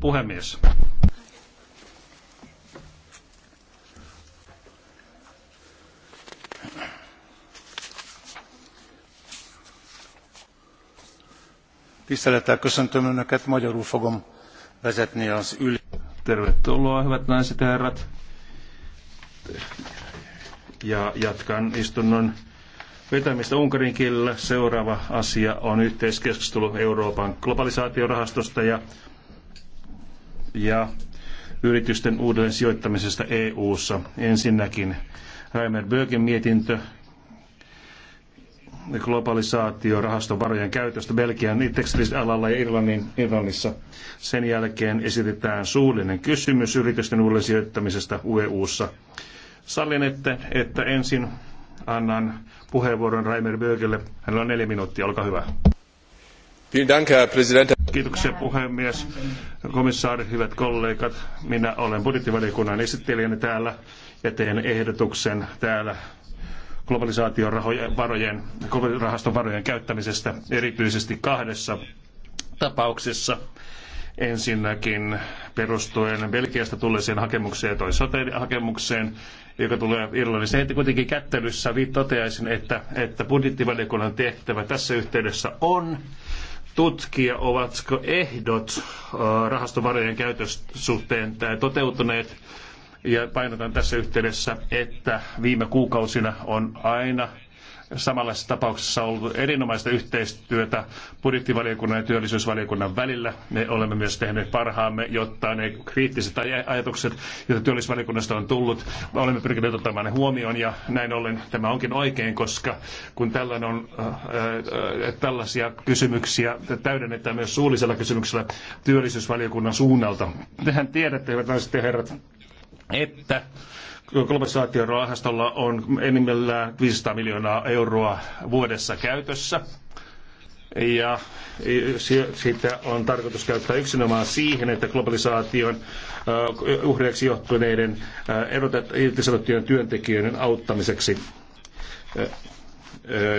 puhemies. Tisztelettel köszöntöm Önöket, magyarul fogom vezetni az ül... Tervetuloa, hyvät naiset ja herrat. Ja jatkan istunnon vetämistä unkarin kielellä. Seuraava asia on yhteiskeskustelu Euroopan globalisaatiorahastosta ja ja yritysten uuden sijoittamisesta EU-ssa. Ensinnäkin Raimer Bögen mietintö globalisaatiorahaston varojen käytöstä Belgian tekstilisalalla ja Irlannin, Irlannissa. Sen jälkeen esitetään suullinen kysymys yritysten uudelleen sijoittamisesta EU-ssa. Sallin, että, että ensin annan puheenvuoron Raimer Bögelle. Hänellä on neljä minuuttia, olkaa hyvä. Vielen Dank, Herr Präsident. Kiitoksia puhemies, komissaari, hyvät kollegat. Minä olen budjettivaliokunnan esittelijänä täällä ja teen ehdotuksen täällä globalisaation varojen, rahaston varojen käyttämisestä erityisesti kahdessa tapauksessa. Ensinnäkin perustuen Belgiasta tulleeseen hakemukseen ja toiseen hakemukseen, joka tulee Irlannissa. Heti kuitenkin kättelyssä toteaisin, että, että budjettivaliokunnan tehtävä tässä yhteydessä on tutkia, ovatko ehdot rahastovarojen käytössuhteen suhteen toteutuneet. Ja painotan tässä yhteydessä, että viime kuukausina on aina samanlaisessa tapauksessa ollut erinomaista yhteistyötä budjettivaliokunnan ja työllisyysvaliokunnan välillä. Me olemme myös tehneet parhaamme, jotta ne kriittiset ajatukset, joita työllisyysvaliokunnasta on tullut, olemme pyrkineet ottamaan ne huomioon ja näin ollen tämä onkin oikein, koska kun tällainen on, äh, äh, äh, tällaisia kysymyksiä täydennetään myös suullisella kysymyksellä työllisyysvaliokunnan suunnalta. Tehän tiedätte, hyvät naiset ja herrat, että globalisaatiorahastolla on enimmillään 500 miljoonaa euroa vuodessa käytössä. Ja siitä on tarkoitus käyttää yksinomaan siihen, että globalisaation uhreiksi johtuneiden irtisanottujen työntekijöiden auttamiseksi,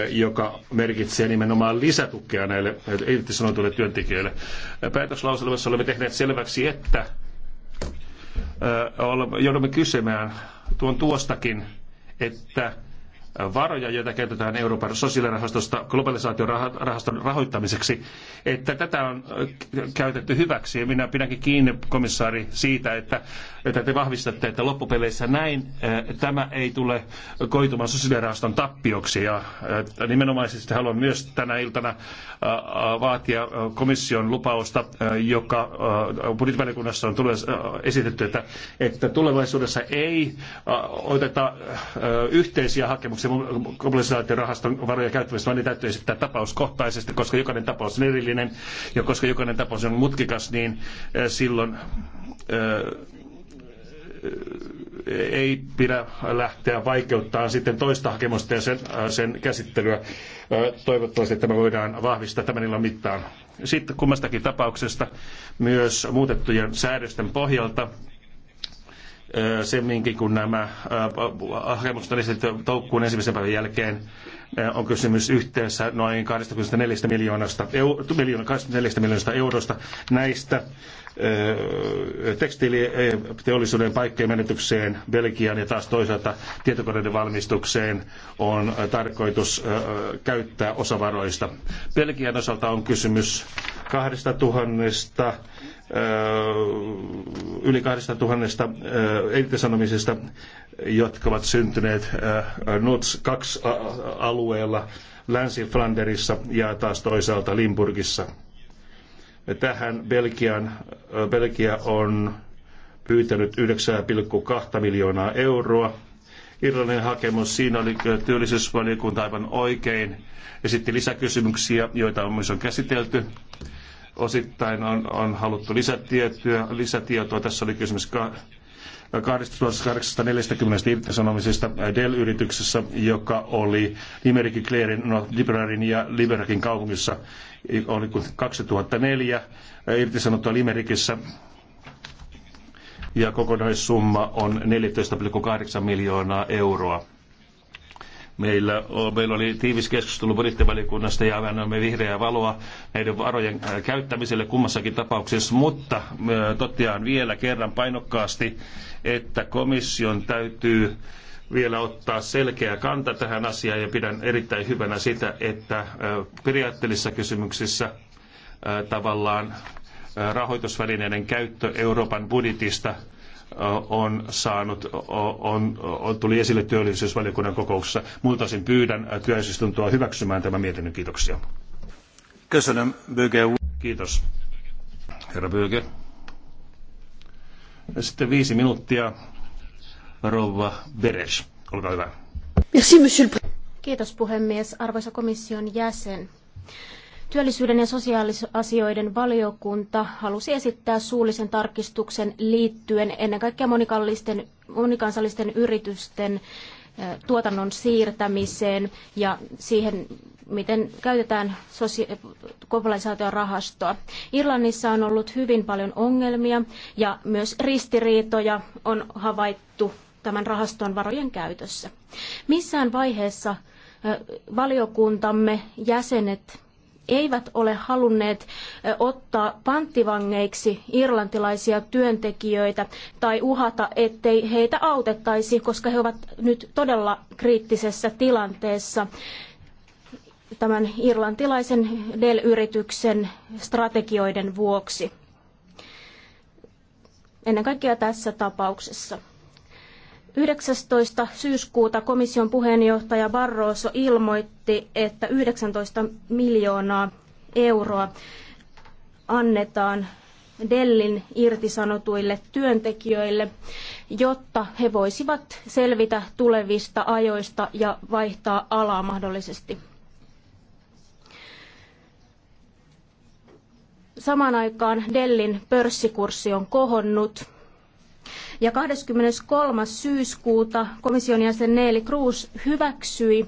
joka merkitsee nimenomaan lisätukea näille irtisanotuille työntekijöille. Päätöslauselmassa olemme tehneet selväksi, että joudumme kysymään tuon tuostakin, että varoja, joita käytetään Euroopan sosiaalirahastosta globalisaatiorahaston rahoittamiseksi, että tätä on käytetty hyväksi. Ja minä pidänkin kiinni, komissaari, siitä, että, että te vahvistatte, että loppupeleissä näin eh, tämä ei tule koitumaan sosiaalirahaston tappioksi. Ja eh, nimenomaisesti haluan myös tänä iltana eh, vaatia komission lupausta, joka budjettivaliokunnassa on tullut, esitetty, että, että tulevaisuudessa ei oteta yhteisiä hakemuksia se globalisaatiorahaston varoja käyttämistä, vaan ne täytyy esittää tapauskohtaisesti, koska jokainen tapaus on erillinen ja koska jokainen tapaus on mutkikas, niin eh, silloin eh, ei pidä lähteä vaikeuttaa sitten toista hakemusta ja sen, eh, sen käsittelyä. Toivottavasti tämä voidaan vahvistaa tämän illan mittaan. Sitten kummastakin tapauksesta myös muutettujen säädösten pohjalta semminkin kun nämä hakemukset on esitetty toukkuun ensimmäisen päivän jälkeen, on kysymys yhteensä noin 24 miljoonasta, euro, 24 miljoonasta eurosta. Näistä tekstiiliteollisuuden paikkojen menetykseen Belgian ja taas toisaalta tietokoneiden valmistukseen on tarkoitus käyttää osavaroista. Belgian osalta on kysymys 2000 yli 2000 irtisanomisesta, jotka ovat syntyneet NUTS 2 alueella Länsi-Flanderissa ja taas toisaalta Limburgissa. Tähän Belgian, Belgia on pyytänyt 9,2 miljoonaa euroa. Irlannin hakemus, siinä oli työllisyysvaliokunta aivan oikein. Esitti lisäkysymyksiä, joita on myös on käsitelty. Osittain on, on haluttu lisätietoa, lisätietoa. Tässä oli kysymys 2840 irtisanomisesta Dell-yrityksessä, joka oli Limerick Clearin, no, Liberarin ja Liberakin kaupungissa. Oli 2004 irtisanottua Limerickissä. ja kokonaissumma on 14,8 miljoonaa euroa. Meillä, meillä oli tiivis keskustelu budjettivaliokunnasta ja annoimme vihreää valoa näiden varojen äh, käyttämiselle kummassakin tapauksessa, mutta äh, totean vielä kerran painokkaasti, että komission täytyy vielä ottaa selkeä kanta tähän asiaan ja pidän erittäin hyvänä sitä, että äh, periaatteellisissa kysymyksissä tavallaan rahoitusvälineiden käyttö Euroopan budjetista – on saanut, on, on, tuli esille työllisyysvaliokunnan kokouksessa. Muilta osin pyydän työisistuntoa hyväksymään tämän mietinnön. Kiitoksia. Kiitos. Herra Böge. Sitten viisi minuuttia. Rouva Beres, olkaa hyvä. Kiitos puhemies, arvoisa komission jäsen. Työllisyyden ja sosiaalisasioiden valiokunta halusi esittää suullisen tarkistuksen liittyen ennen kaikkea monikansallisten yritysten tuotannon siirtämiseen ja siihen, miten käytetään sosia- globalisaation rahastoa. Irlannissa on ollut hyvin paljon ongelmia ja myös ristiriitoja on havaittu tämän rahaston varojen käytössä. Missään vaiheessa valiokuntamme jäsenet eivät ole halunneet ottaa panttivangeiksi irlantilaisia työntekijöitä tai uhata, ettei heitä autettaisi, koska he ovat nyt todella kriittisessä tilanteessa tämän irlantilaisen Dell-yrityksen strategioiden vuoksi. Ennen kaikkea tässä tapauksessa. 19. syyskuuta komission puheenjohtaja Barroso ilmoitti, että 19 miljoonaa euroa annetaan Dellin irtisanotuille työntekijöille, jotta he voisivat selvitä tulevista ajoista ja vaihtaa alaa mahdollisesti. Samaan aikaan Dellin pörssikurssi on kohonnut ja 23. syyskuuta komission jäsen Neeli Cruz hyväksyi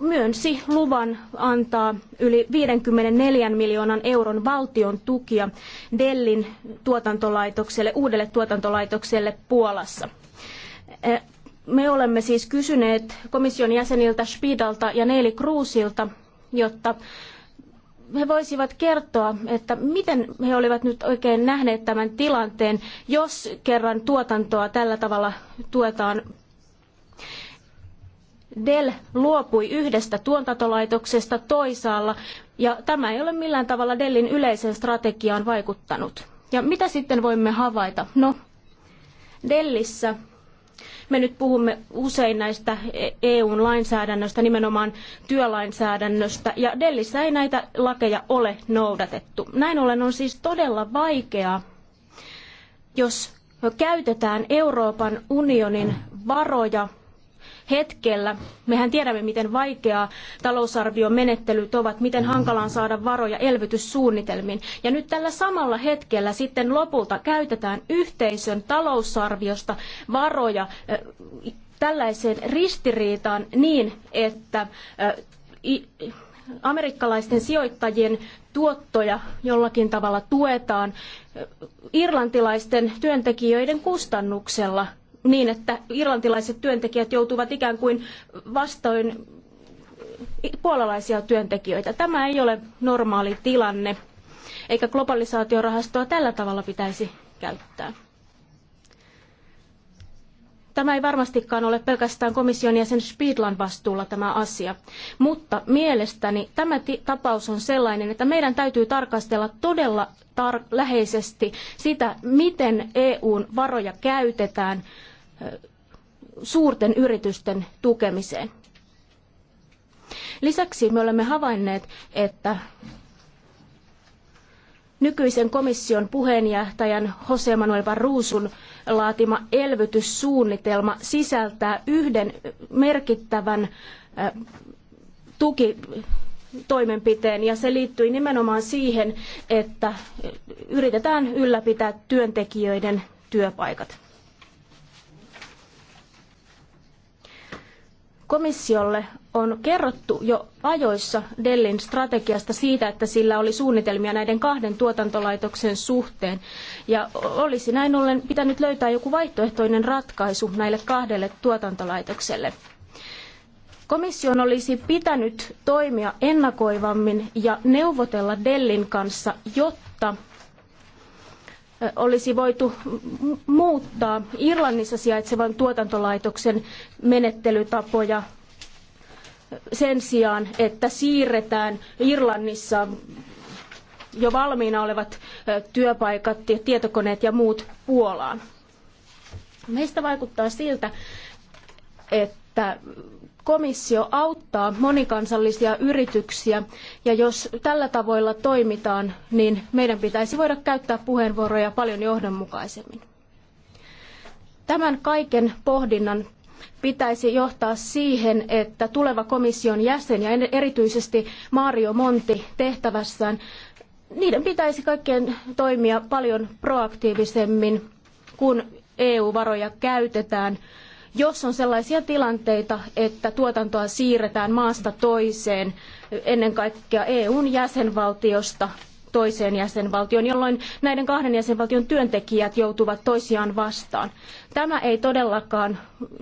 myönsi luvan antaa yli 54 miljoonan euron valtion tukia Dellin tuotantolaitokselle, uudelle tuotantolaitokselle Puolassa. Me olemme siis kysyneet komission jäseniltä Spidalta ja Neeli Kruusilta, jotta he voisivat kertoa, että miten he olivat nyt oikein nähneet tämän tilanteen, jos kerran tuotantoa tällä tavalla tuetaan. Dell luopui yhdestä tuotantolaitoksesta toisaalla, ja tämä ei ole millään tavalla Dellin yleiseen strategiaan vaikuttanut. Ja mitä sitten voimme havaita? No, Dellissä me nyt puhumme usein näistä EUn e lainsäädännöstä, nimenomaan työlainsäädännöstä, ja Dellissä ei näitä lakeja ole noudatettu. Näin ollen on siis todella vaikeaa, jos käytetään Euroopan unionin varoja hetkellä. Mehän tiedämme, miten vaikeaa talousarviomenettelyt ovat, miten hankalaa on saada varoja elvytyssuunnitelmiin. Ja nyt tällä samalla hetkellä sitten lopulta käytetään yhteisön talousarviosta varoja tällaiseen ristiriitaan niin, että amerikkalaisten sijoittajien tuottoja jollakin tavalla tuetaan irlantilaisten työntekijöiden kustannuksella niin, että irlantilaiset työntekijät joutuvat ikään kuin vastoin puolalaisia työntekijöitä. Tämä ei ole normaali tilanne, eikä globalisaatiorahastoa tällä tavalla pitäisi käyttää. Tämä ei varmastikaan ole pelkästään komission jäsen Spiedlan vastuulla tämä asia, mutta mielestäni tämä tapaus on sellainen, että meidän täytyy tarkastella todella tar läheisesti sitä, miten EUn varoja käytetään – suurten yritysten tukemiseen. Lisäksi me olemme havainneet, että nykyisen komission puheenjohtajan Jose Manuel Barroson laatima elvytyssuunnitelma sisältää yhden merkittävän tukitoimenpiteen ja se liittyi nimenomaan siihen, että yritetään ylläpitää työntekijöiden työpaikat. Komissiolle on kerrottu jo ajoissa Dellin strategiasta siitä, että sillä oli suunnitelmia näiden kahden tuotantolaitoksen suhteen. Ja olisi näin ollen pitänyt löytää joku vaihtoehtoinen ratkaisu näille kahdelle tuotantolaitokselle. Komission olisi pitänyt toimia ennakoivammin ja neuvotella Dellin kanssa, jotta olisi voitu muuttaa Irlannissa sijaitsevan tuotantolaitoksen menettelytapoja sen sijaan, että siirretään Irlannissa jo valmiina olevat työpaikat ja tietokoneet ja muut Puolaan. Meistä vaikuttaa siltä, että komissio auttaa monikansallisia yrityksiä ja jos tällä tavoilla toimitaan, niin meidän pitäisi voida käyttää puheenvuoroja paljon johdonmukaisemmin. Tämän kaiken pohdinnan pitäisi johtaa siihen, että tuleva komission jäsen ja erityisesti Mario Monti tehtävässään, niiden pitäisi kaikkien toimia paljon proaktiivisemmin, kun EU-varoja käytetään – jos on sellaisia tilanteita, että tuotantoa siirretään maasta toiseen, ennen kaikkea EUn jäsenvaltiosta toiseen jäsenvaltioon, jolloin näiden kahden jäsenvaltion työntekijät joutuvat toisiaan vastaan. Tämä ei todellakaan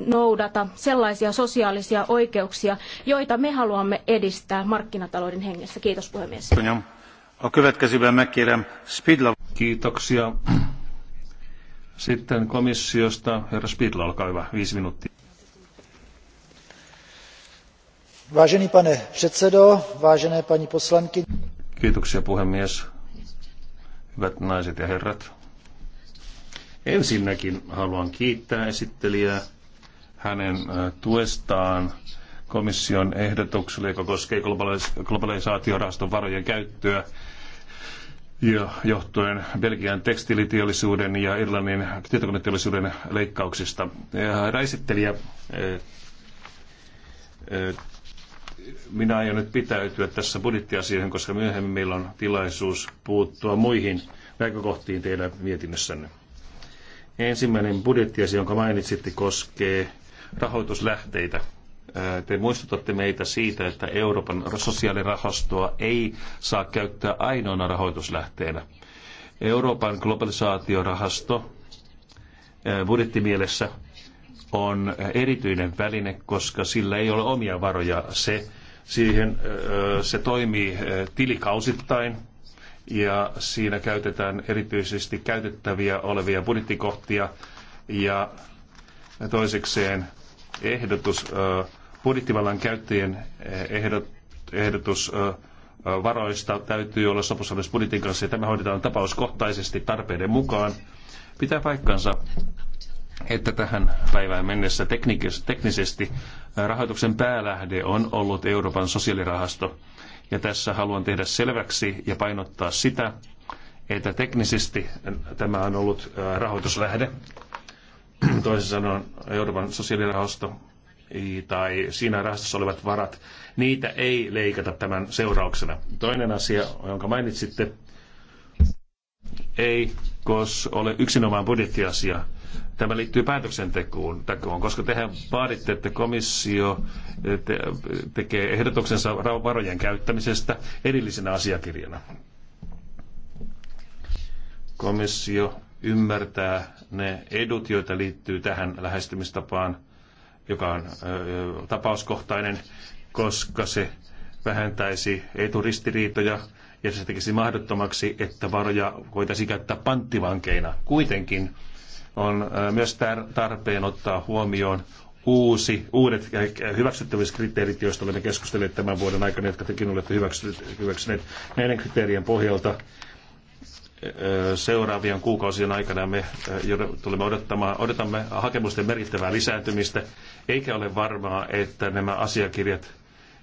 noudata sellaisia sosiaalisia oikeuksia, joita me haluamme edistää markkinatalouden hengessä. Kiitos puhemies. Kiitoksia. Sitten komissiosta herra Spidla, olkaa hyvä, viisi minuuttia. Vážený pane předsedo, vážené paní poslanky. Kiitoksia puhemies. Hyvät naiset ja herrat. Ensinnäkin haluan kiittää esittelijää hänen äh, tuestaan komission ehdotukselle, joka koskee globalisaatiorahaston varojen käyttöä ja johtuen Belgian tekstiiliteollisuuden ja Irlannin tietokoneteollisuuden leikkauksista. esittelijä, eh, eh, minä aion nyt pitäytyä tässä budjettiasioihin, koska myöhemmin meillä on tilaisuus puuttua muihin näkökohtiin teidän mietinnössänne. Ensimmäinen budjettiasia, jonka mainitsitte, koskee rahoituslähteitä te muistutatte meitä siitä, että Euroopan sosiaalirahastoa ei saa käyttää ainoana rahoituslähteenä. Euroopan globalisaatiorahasto budjettimielessä on erityinen väline, koska sillä ei ole omia varoja. Se, siihen, se toimii tilikausittain ja siinä käytetään erityisesti käytettäviä olevia budjettikohtia ja toisekseen ehdotus budjettivallan käyttäjien eh, ehdotus varoista täytyy olla sopussa myös budjetin kanssa ja tämä hoidetaan tapauskohtaisesti tarpeiden mukaan. Pitää paikkansa, että tähän päivään mennessä teknisesti rahoituksen päälähde on ollut Euroopan sosiaalirahasto. Ja tässä haluan tehdä selväksi ja painottaa sitä, että teknisesti tämä on ollut rahoituslähde. Toisin sanoen Euroopan sosiaalirahasto tai siinä rahastossa olevat varat, niitä ei leikata tämän seurauksena. Toinen asia, jonka mainitsitte, ei kos ole yksinomaan budjettiasia. Tämä liittyy päätöksentekoon, koska tehän vaaditte, että komissio te- tekee ehdotuksensa varojen käyttämisestä erillisenä asiakirjana. Komissio ymmärtää ne edut, joita liittyy tähän lähestymistapaan – joka on tapauskohtainen, koska se vähentäisi eturistiriitoja ja se tekisi mahdottomaksi, että varoja voitaisiin käyttää panttivankeina. Kuitenkin on myös tarpeen ottaa huomioon uusi, uudet hyväksyttävyyskriteerit, joista olemme keskustelleet tämän vuoden aikana, jotka tekin olette hyväksyneet näiden kriteerien pohjalta seuraavien kuukausien aikana me eh, tulemme odottamaan, odotamme hakemusten merkittävää lisääntymistä, eikä ole varmaa, että nämä asiakirjat,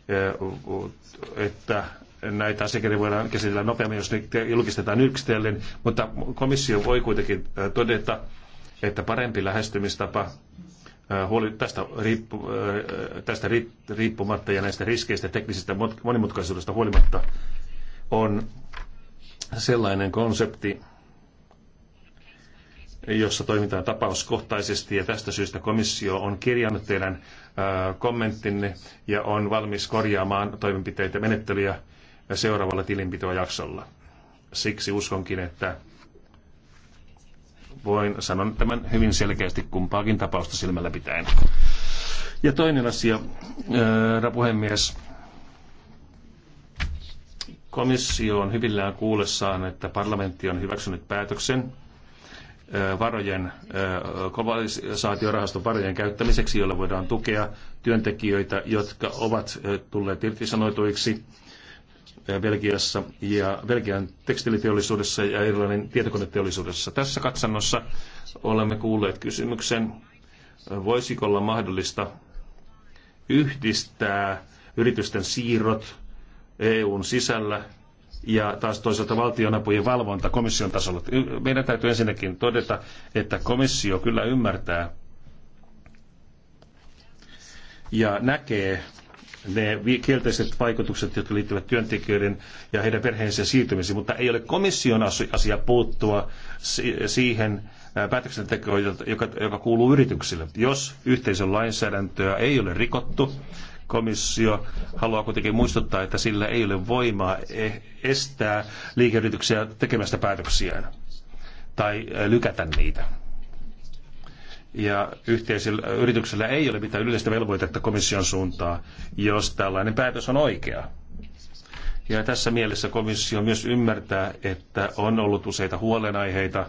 eh, että näitä asiakirjoja voidaan käsitellä nopeammin, jos ne julkistetaan yksitellen, mutta komissio voi kuitenkin eh, todeta, että parempi lähestymistapa huoli tästä, riippu, tästä riippumatta ja näistä riskeistä teknisistä monimutkaisuudesta huolimatta on sellainen konsepti, jossa toimitaan tapauskohtaisesti ja tästä syystä komissio on kirjannut teidän kommenttinne ja on valmis korjaamaan toimenpiteitä menettelyjä seuraavalla tilinpitojaksolla. Siksi uskonkin, että voin sanoa tämän hyvin selkeästi kumpaakin tapausta silmällä pitäen. Ja toinen asia, herra puhemies, Komissio on hyvillään kuullessaan, että parlamentti on hyväksynyt päätöksen varojen, globalisaatiorahaston varojen käyttämiseksi, jolla voidaan tukea työntekijöitä, jotka ovat tulleet irtisanoituiksi Belgiassa ja Belgian tekstiliteollisuudessa ja Irlannin tietokoneteollisuudessa. Tässä katsannossa olemme kuulleet kysymyksen, voisiko olla mahdollista yhdistää yritysten siirrot EUn sisällä ja taas toisaalta valtionapujen valvonta komission tasolla. Meidän täytyy ensinnäkin todeta, että komissio kyllä ymmärtää ja näkee ne kielteiset vaikutukset, jotka liittyvät työntekijöiden ja heidän perheensä siirtymisiin, mutta ei ole komission asia puuttua siihen päätöksentekoon, joka, joka kuuluu yrityksille. Jos yhteisön lainsäädäntöä ei ole rikottu, komissio haluaa kuitenkin muistuttaa, että sillä ei ole voimaa e- estää liikeyrityksiä tekemästä päätöksiään tai lykätä niitä. Ja yhteisillä yrityksillä ei ole mitään yleistä velvoitetta komission suuntaan, jos tällainen päätös on oikea. Ja tässä mielessä komissio myös ymmärtää, että on ollut useita huolenaiheita,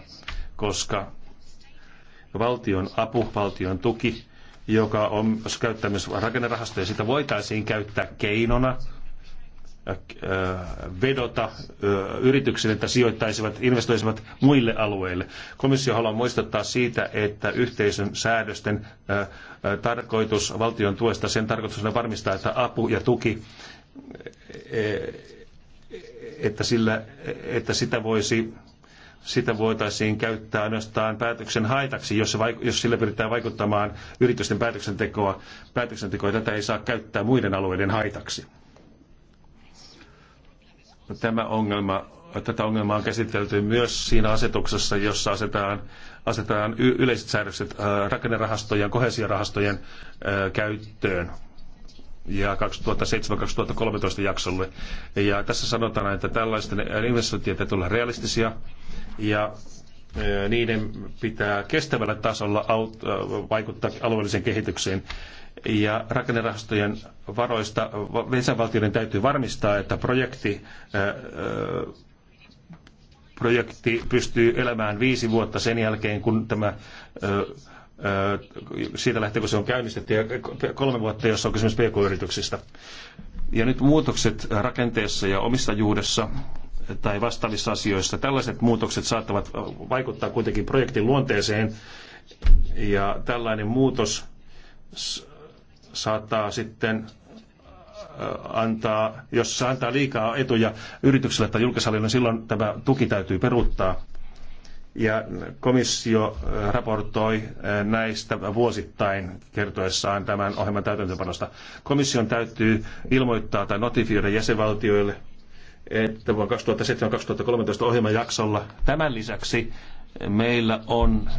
koska valtion apu, valtion tuki joka on käyttämässä rakennerahastoja, sitä voitaisiin käyttää keinona äh, vedota äh, yrityksille, että sijoittaisivat, investoisivat muille alueille. Komissio haluaa muistuttaa siitä, että yhteisön säädösten äh, tarkoitus valtion tuesta, sen tarkoitus on varmistaa, että apu ja tuki että, sillä, että sitä voisi sitä voitaisiin käyttää ainoastaan päätöksen haitaksi, jos, vaik- jos sillä pyritään vaikuttamaan yritysten päätöksentekoa. Päätöksentekoa tätä ei saa käyttää muiden alueiden haitaksi. Tämä ongelma, tätä ongelmaa on käsitelty myös siinä asetuksessa, jossa asetetaan, asetetaan yleiset säädökset rakennerahastojen ja kohesiorahastojen käyttöön ja 2007-2013 jaksolle. Ja tässä sanotaan, että tällaisten investointien täytyy olla realistisia ja e, niiden pitää kestävällä tasolla vaikuttaa alueelliseen kehitykseen. Ja rakennerahastojen varoista jäsenvaltioiden täytyy varmistaa, että projekti e, e, projekti pystyy elämään viisi vuotta sen jälkeen, kun tämä siitä lähtien, kun se on käynnistetty, ja kolme vuotta, jossa on kysymys pk-yrityksistä. Ja nyt muutokset rakenteessa ja omistajuudessa tai vastaavissa asioissa, tällaiset muutokset saattavat vaikuttaa kuitenkin projektin luonteeseen, ja tällainen muutos saattaa sitten antaa, jos se antaa liikaa etuja yritykselle tai julkishallinnolle, silloin tämä tuki täytyy peruuttaa ja komissio äh, raportoi äh, näistä vuosittain kertoessaan tämän ohjelman täytäntöönpanosta. Komission täytyy ilmoittaa tai notifioida jäsenvaltioille, että vuonna 2007-2013 ohjelmajaksolla tämän lisäksi meillä on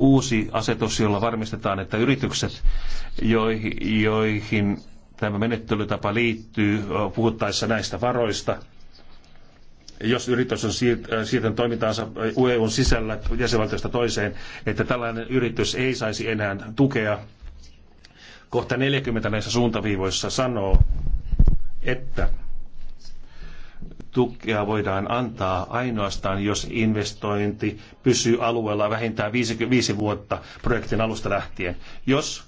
uusi asetus, jolla varmistetaan, että yritykset, joihin, joihin tämä menettelytapa liittyy puhuttaessa näistä varoista – jos yritys on äh, siirtänyt toimintaansa äh, EUn sisällä jäsenvaltiosta toiseen, että tällainen yritys ei saisi enää tukea. Kohta 40 näissä suuntaviivoissa sanoo, että tukea voidaan antaa ainoastaan, jos investointi pysyy alueella vähintään viisi vuotta projektin alusta lähtien. Jos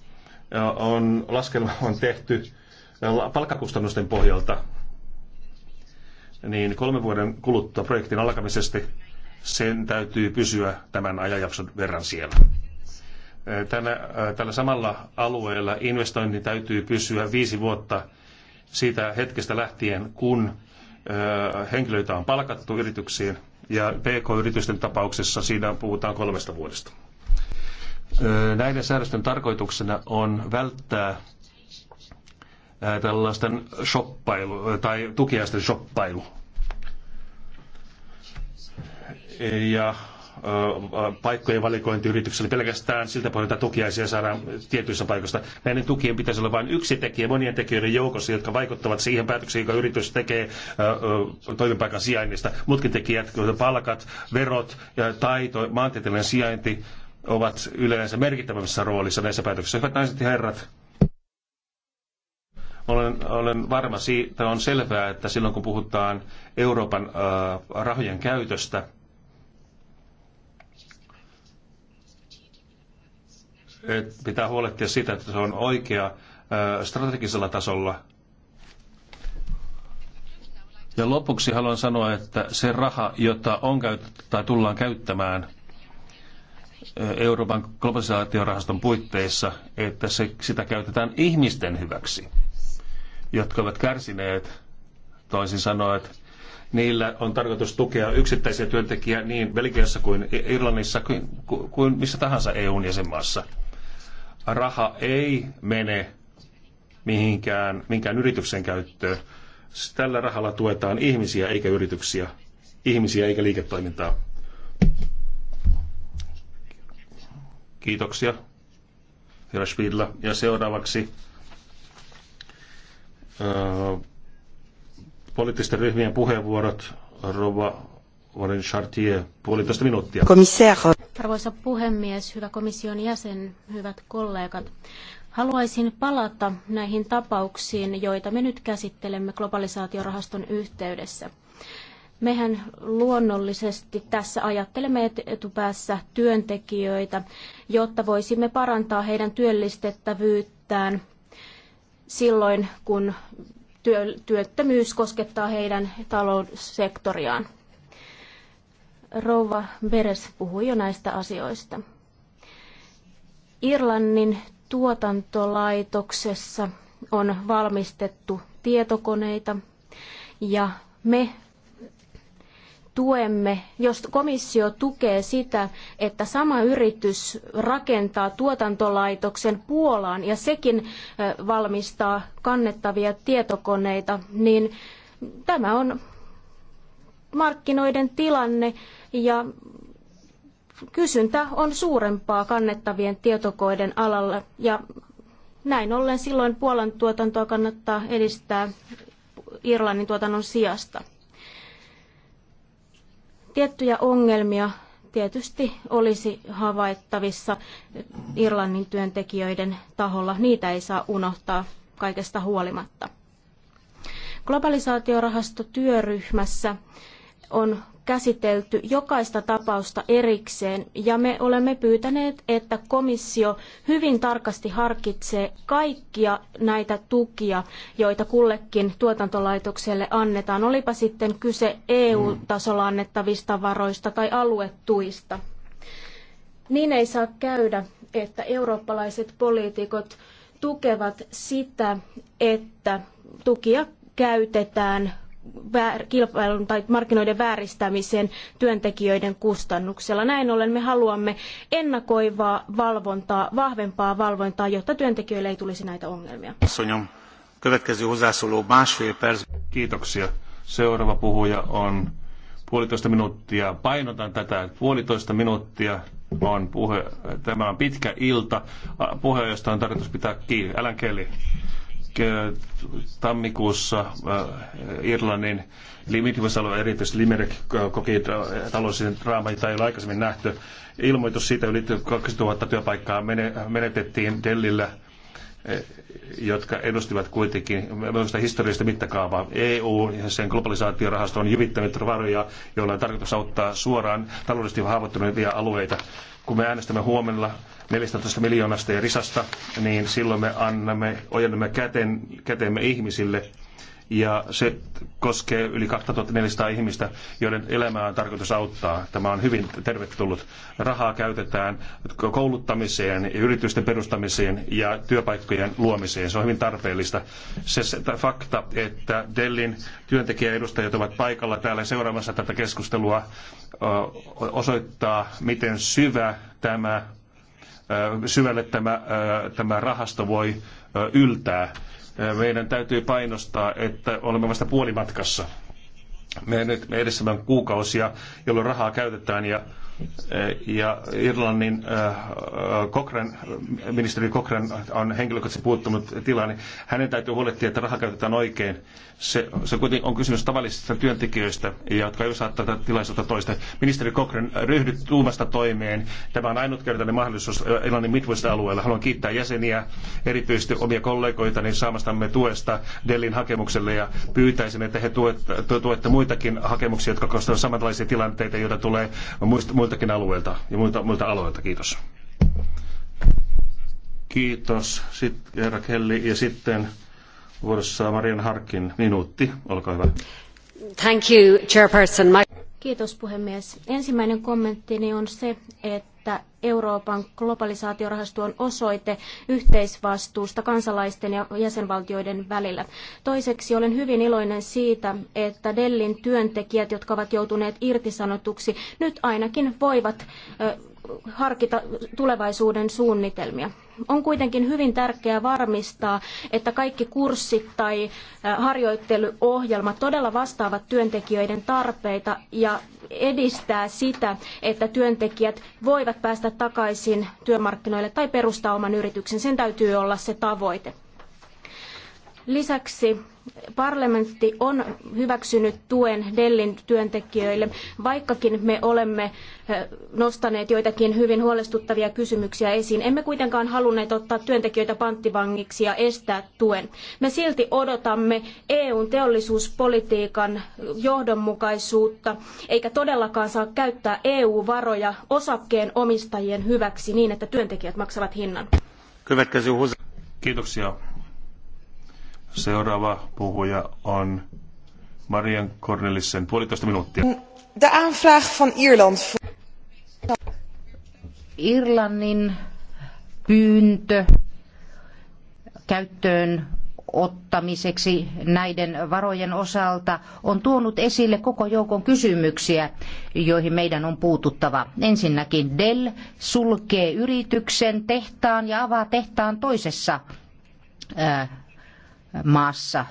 äh, on, laskelma on tehty palkkakustannusten pohjalta, niin kolmen vuoden kuluttua projektin alkamisesta sen täytyy pysyä tämän ajanjakson verran siellä. Tänä, tällä samalla alueella investointi täytyy pysyä viisi vuotta siitä hetkestä lähtien, kun henkilöitä on palkattu yrityksiin, ja PK-yritysten tapauksessa siinä puhutaan kolmesta vuodesta. Näiden säädösten tarkoituksena on välttää tällaisten shoppailu tai tukiaisten shoppailu. Ja paikkojen valikointi yritykselle pelkästään siltä pohjalta tukiaisia saadaan tietyissä paikoista. Näiden tukien pitäisi olla vain yksi tekijä monien tekijöiden joukossa, jotka vaikuttavat siihen päätökseen, joka yritys tekee toimipaikan sijainnista. Muutkin tekijät, kuten palkat, verot, ja taito, maantieteellinen sijainti, ovat yleensä merkittävämmässä roolissa näissä päätöksissä. Hyvät naiset ja herrat, olen, olen varma siitä, on selvää, että silloin kun puhutaan Euroopan ää, äh, rahojen käytöstä, pitää huolehtia siitä, että se on oikea ää, äh, strategisella tasolla. Ja lopuksi haluan sanoa, että se raha, jota on käytetty tai tullaan käyttämään äh, Euroopan globalisaatiorahaston puitteissa, että se, sitä käytetään ihmisten hyväksi jotka ovat kärsineet, toisin sanoen, niillä on tarkoitus tukea yksittäisiä työntekijä niin Belgiassa kuin Irlannissa kuin, kuin missä tahansa EUn jäsenmaassa. Raha ei mene mihinkään, minkään yrityksen käyttöön. Tällä rahalla tuetaan ihmisiä eikä yrityksiä, ihmisiä eikä liiketoimintaa. Kiitoksia, herra Spidla. Ja seuraavaksi poliittisten ryhmien puheenvuorot. Rova Warren Chartier, puolitoista minuuttia. Komissaari. Arvoisa puhemies, hyvä komission jäsen, hyvät kollegat. Haluaisin palata näihin tapauksiin, joita me nyt käsittelemme globalisaatiorahaston yhteydessä. Mehän luonnollisesti tässä ajattelemme etupäässä työntekijöitä, jotta voisimme parantaa heidän työllistettävyyttään silloin, kun työttömyys koskettaa heidän taloussektoriaan. Rouva Beres puhui jo näistä asioista. Irlannin tuotantolaitoksessa on valmistettu tietokoneita ja me tuemme, jos komissio tukee sitä, että sama yritys rakentaa tuotantolaitoksen Puolaan ja sekin valmistaa kannettavia tietokoneita, niin tämä on markkinoiden tilanne ja kysyntä on suurempaa kannettavien tietokoiden alalla ja näin ollen silloin Puolan tuotantoa kannattaa edistää Irlannin tuotannon sijasta. Tiettyjä ongelmia tietysti olisi havaittavissa Irlannin työntekijöiden taholla. Niitä ei saa unohtaa kaikesta huolimatta. Globalisaatiorahastotyöryhmässä on käsitelty jokaista tapausta erikseen ja me olemme pyytäneet, että komissio hyvin tarkasti harkitsee kaikkia näitä tukia, joita kullekin tuotantolaitokselle annetaan, olipa sitten kyse EU-tasolla annettavista varoista tai aluetuista. Niin ei saa käydä, että eurooppalaiset poliitikot tukevat sitä, että tukia käytetään kilpailun tai markkinoiden vääristämisen työntekijöiden kustannuksella. Näin ollen me haluamme ennakoivaa valvontaa, vahvempaa valvontaa, jotta työntekijöille ei tulisi näitä ongelmia. Kiitoksia. Seuraava puhuja on puolitoista minuuttia. Painotan tätä, puolitoista minuuttia on puhe. Tämä on pitkä ilta. Puhe, josta on tarkoitus pitää kiinni. Älä keli tammikuussa Irlannin limitimusalue, erityisesti Limerick, koki taloudellisen draaman, jota ei ole aikaisemmin nähty. Ilmoitus siitä yli 2000 työpaikkaa menetettiin Dellillä jotka edustivat kuitenkin myös historiallista mittakaavaa. EU ja sen globalisaatiorahasto on jyvittänyt varoja, joilla on tarkoitus auttaa suoraan taloudellisesti haavoittuneita alueita kun me äänestämme huomenna 14 miljoonasta ja risasta, niin silloin me annamme, ojennamme käten, kätemme ihmisille, ja se koskee yli 2400 ihmistä, joiden elämää on tarkoitus auttaa. Tämä on hyvin tervetullut. Rahaa käytetään kouluttamiseen, yritysten perustamiseen ja työpaikkojen luomiseen. Se on hyvin tarpeellista. Se, se fakta, että Dellin työntekijäedustajat ovat paikalla täällä seuraamassa tätä keskustelua, osoittaa, miten syvä tämä syvälle tämä, tämä rahasto voi yltää meidän täytyy painostaa, että olemme vasta puolimatkassa. Me nyt me edessämme on kuukausia, jolloin rahaa käytetään ja Eh, ja Irlannin eh, ministeri Kokran on henkilökohtaisesti puuttunut tilaan. Niin hänen täytyy huolehtia, että raha käytetään oikein. Se, se on kysymys tavallisista työntekijöistä, jotka eivät saa tätä tilaisuutta toista. Ministeri Kokran ryhdy tuumasta toimeen. Tämä on ainutkertainen mahdollisuus eh, Irlannin Midwest-alueella. Haluan kiittää jäseniä, erityisesti omia kollegoitani saamastamme tuesta Dellin hakemukselle ja pyytäisin, että he tuette, tuette muitakin hakemuksia, jotka koskevat samanlaisia tilanteita, joita tulee muista muiltakin alueilta ja muilta, muilta aloilta. Kiitos. Kiitos, sitten herra Kelli. Ja sitten vuorossa Marian Harkin minuutti. Olkaa hyvä. Thank you, Chairperson. My... Kiitos puhemies. Ensimmäinen kommenttini on se, että että Euroopan globalisaatiorahasto on osoite yhteisvastuusta kansalaisten ja jäsenvaltioiden välillä. Toiseksi olen hyvin iloinen siitä, että Dellin työntekijät, jotka ovat joutuneet irtisanotuksi, nyt ainakin voivat harkita tulevaisuuden suunnitelmia. On kuitenkin hyvin tärkeää varmistaa, että kaikki kurssit tai harjoitteluohjelmat todella vastaavat työntekijöiden tarpeita ja edistää sitä, että työntekijät voivat päästä takaisin työmarkkinoille tai perustaa oman yrityksen. Sen täytyy olla se tavoite. Lisäksi parlamentti on hyväksynyt tuen Dellin työntekijöille, vaikkakin me olemme nostaneet joitakin hyvin huolestuttavia kysymyksiä esiin. Emme kuitenkaan halunneet ottaa työntekijöitä panttivangiksi ja estää tuen. Me silti odotamme EUn teollisuuspolitiikan johdonmukaisuutta, eikä todellakaan saa käyttää EU-varoja osakkeen omistajien hyväksi niin, että työntekijät maksavat hinnan. Kiitoksia. Seuraava puhuja on Marian Cornelissen, puolitoista minuuttia. De aanvraag van Ierland. Irlannin pyyntö käyttöön ottamiseksi näiden varojen osalta on tuonut esille koko joukon kysymyksiä, joihin meidän on puututtava. Ensinnäkin Dell sulkee yrityksen, tehtaan ja avaa tehtaan toisessa maassa.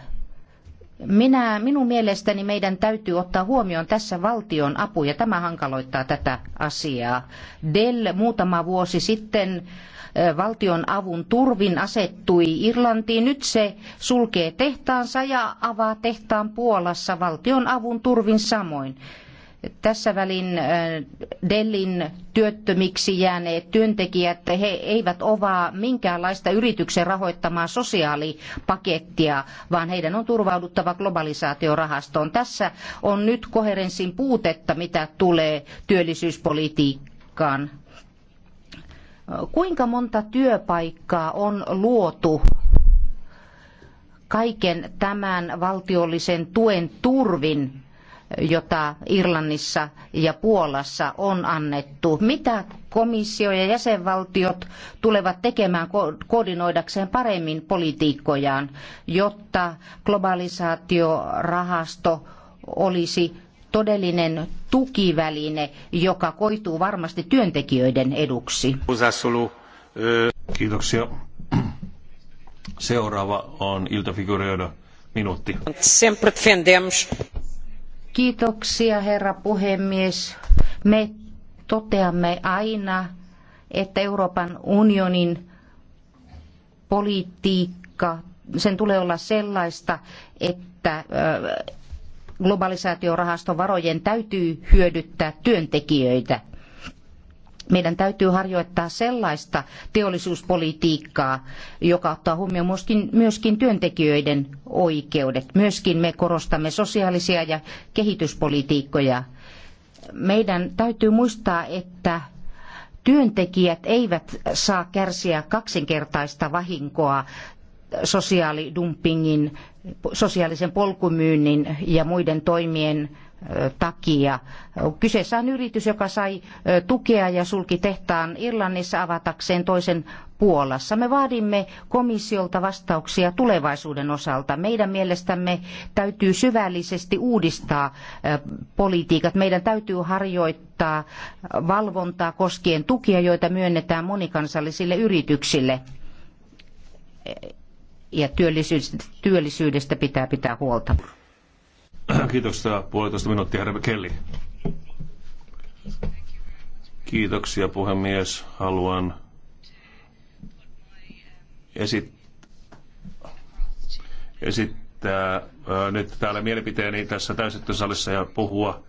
Minä, minun mielestäni meidän täytyy ottaa huomioon tässä valtion apu ja tämä hankaloittaa tätä asiaa. Dell muutama vuosi sitten valtion avun turvin asettui Irlantiin. Nyt se sulkee tehtaansa ja avaa tehtaan Puolassa valtion avun turvin samoin. Tässä välin Dellin työttömiksi jääneet työntekijät, he eivät ovaa minkäänlaista yrityksen rahoittamaa sosiaalipakettia, vaan heidän on turvauduttava globalisaatiorahastoon. Tässä on nyt koherenssin puutetta, mitä tulee työllisyyspolitiikkaan. Kuinka monta työpaikkaa on luotu kaiken tämän valtiollisen tuen turvin jota Irlannissa ja Puolassa on annettu. Mitä komissio ja jäsenvaltiot tulevat tekemään ko- koordinoidakseen paremmin politiikkojaan, jotta globalisaatiorahasto olisi todellinen tukiväline, joka koituu varmasti työntekijöiden eduksi? Kiitoksia. Seuraava on Ilta Figureoida minuutti. Kiitoksia, herra puhemies. Me toteamme aina, että Euroopan unionin politiikka, sen tulee olla sellaista, että globalisaatiorahaston varojen täytyy hyödyttää työntekijöitä meidän täytyy harjoittaa sellaista teollisuuspolitiikkaa, joka ottaa huomioon myöskin, myöskin työntekijöiden oikeudet. Myöskin me korostamme sosiaalisia ja kehityspolitiikkoja. Meidän täytyy muistaa, että työntekijät eivät saa kärsiä kaksinkertaista vahinkoa sosiaalidumpingin, sosiaalisen polkumyynnin ja muiden toimien takia. Kyseessä on yritys, joka sai tukea ja sulki tehtaan Irlannissa avatakseen toisen Puolassa. Me vaadimme komissiolta vastauksia tulevaisuuden osalta. Meidän mielestämme täytyy syvällisesti uudistaa politiikat. Meidän täytyy harjoittaa valvontaa koskien tukia, joita myönnetään monikansallisille yrityksille. Ja työllisyydestä, pitää pitää huolta. Kiitoksia puolitoista minuuttia, herra Kelly. Kiitoksia puhemies. Haluan esit- esittää ää, nyt täällä mielipiteeni tässä täysittösalissa ja puhua